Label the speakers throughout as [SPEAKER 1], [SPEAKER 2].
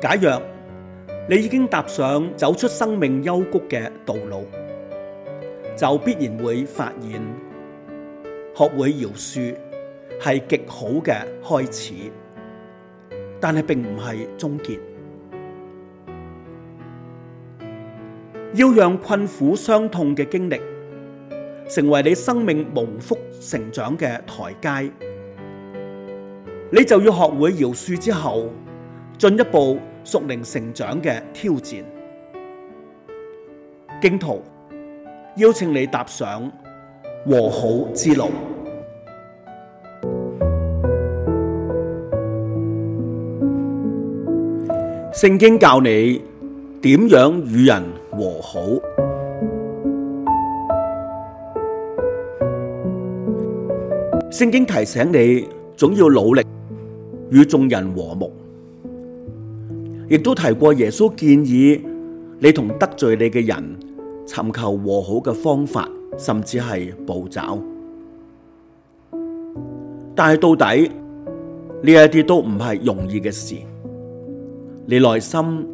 [SPEAKER 1] 假若你已經踏上走出生命幽谷嘅道路，就必然會發現學會饒恕係極好嘅開始，但係並唔係終結。要讓困苦傷痛嘅經歷成為你生命蒙福成長嘅台階，你就要學會饒恕之後進一步。熟齡成長嘅挑戰，荊徒邀請你踏上和好之路。聖經教你點樣與人和好，聖經提醒你總要努力與眾人和睦。亦都提過耶穌建議你同得罪你嘅人尋求和好嘅方法，甚至係步驟。但係到底呢一啲都唔係容易嘅事，你內心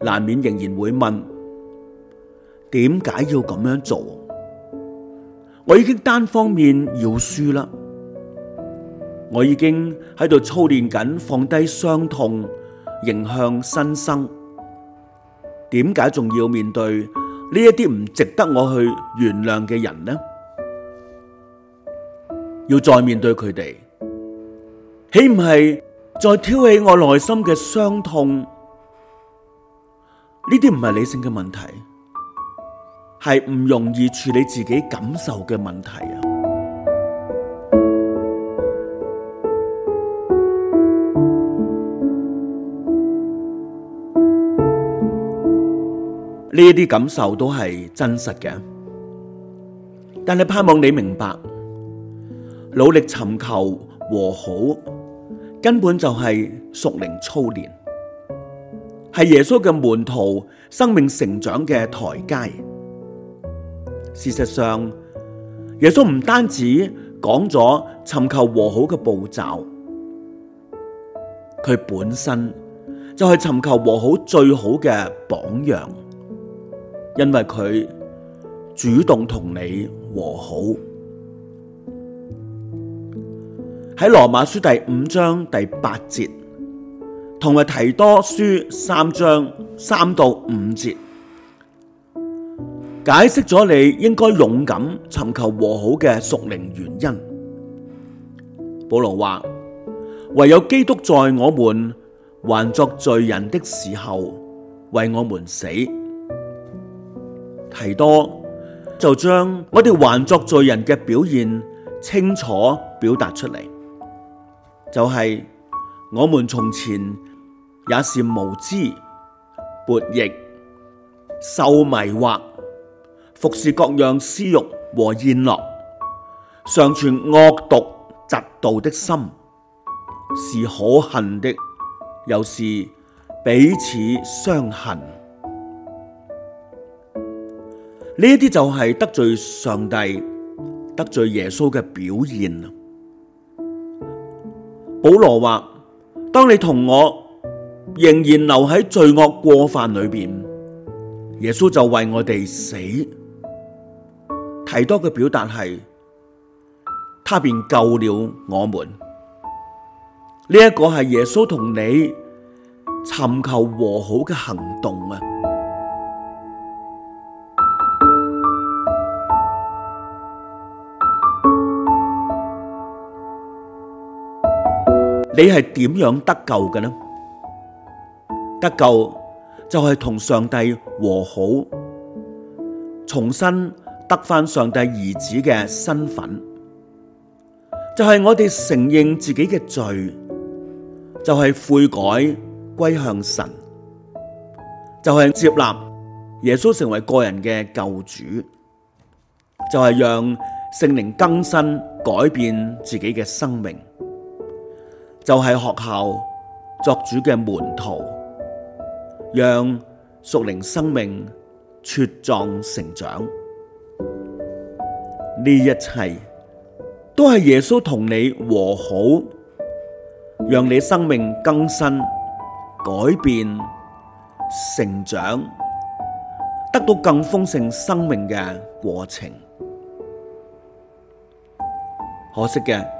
[SPEAKER 1] 難免仍然會問：點解要咁樣做？我已經單方面饒恕啦，我已經喺度操練緊放低傷痛。迎向新生，點解仲要面對呢一啲唔值得我去原諒嘅人呢？要再面對佢哋，豈唔係再挑起我內心嘅傷痛？呢啲唔係理性嘅問題，係唔容易處理自己感受嘅問題啊！呢啲感受都係真實嘅，但係盼望你明白，努力尋求和好根本就係屬靈操練，係耶穌嘅門徒生命成長嘅台階。事實上，耶穌唔單止講咗尋求和好嘅步驟，佢本身就係尋求和好最好嘅榜樣。因為佢主動同你和好。喺羅馬書第五章第八節，同埋提多書三章三到五節，解釋咗你應該勇敢尋求和好嘅屬靈原因。保羅話：唯有基督在我們還作罪人的時候，為我們死。提多就將我哋還作罪人嘅表現清楚表達出嚟，就係、是、我們從前也是無知、悖逆、受迷惑、服侍各樣私欲和宴樂，常存惡毒嫉妒的心，是可恨的，又是彼此相恨。呢啲就係得罪上帝、得罪耶穌嘅表現。保羅話：當你同我仍然留喺罪惡過犯裏邊，耶穌就為我哋死。提多嘅表達係：他便救了我們。呢一個係耶穌同你尋求和好嘅行動啊！你係點樣得救嘅呢？得救就係同上帝和好，重新得返上帝兒子嘅身份，就係我哋承認自己嘅罪，就係悔改歸向神，就係接納耶穌成為個人嘅救主，就係讓聖靈更新改變自己嘅生命。就係學校作主嘅門徒，讓屬靈生命茁壯成長。呢一切都係耶穌同你和好，讓你生命更新、改變、成長，得到更豐盛生命嘅過程。可惜嘅。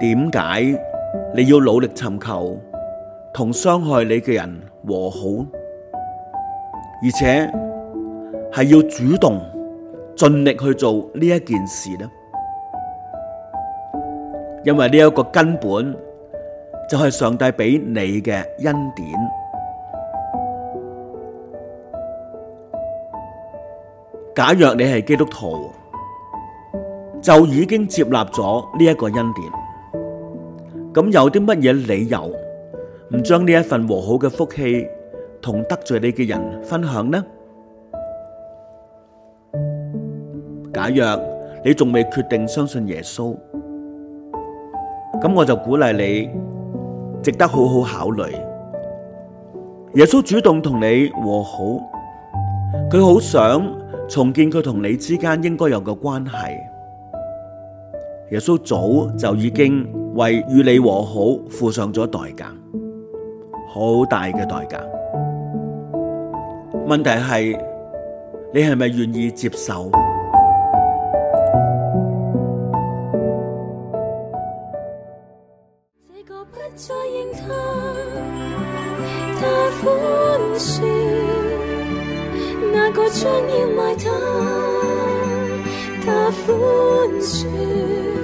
[SPEAKER 1] 點解你要努力尋求同傷害你嘅人和好，而且係要主動盡力去做呢一件事呢？因為呢一個根本就係上帝俾你嘅恩典。假若你係基督徒，就已經接納咗呢一個恩典。咁有啲乜嘢理由唔將呢一份和好嘅福氣同得罪你嘅人分享呢？假若你仲未決定相信耶穌，咁我就鼓勵你，值得好好考慮。耶穌主動同你和好，佢好想重建佢同你之間應該有個關係。耶穌早就已經，為與你和好付上咗代價，好大嘅代價。問題係你係咪願意接受？
[SPEAKER 2] 嗯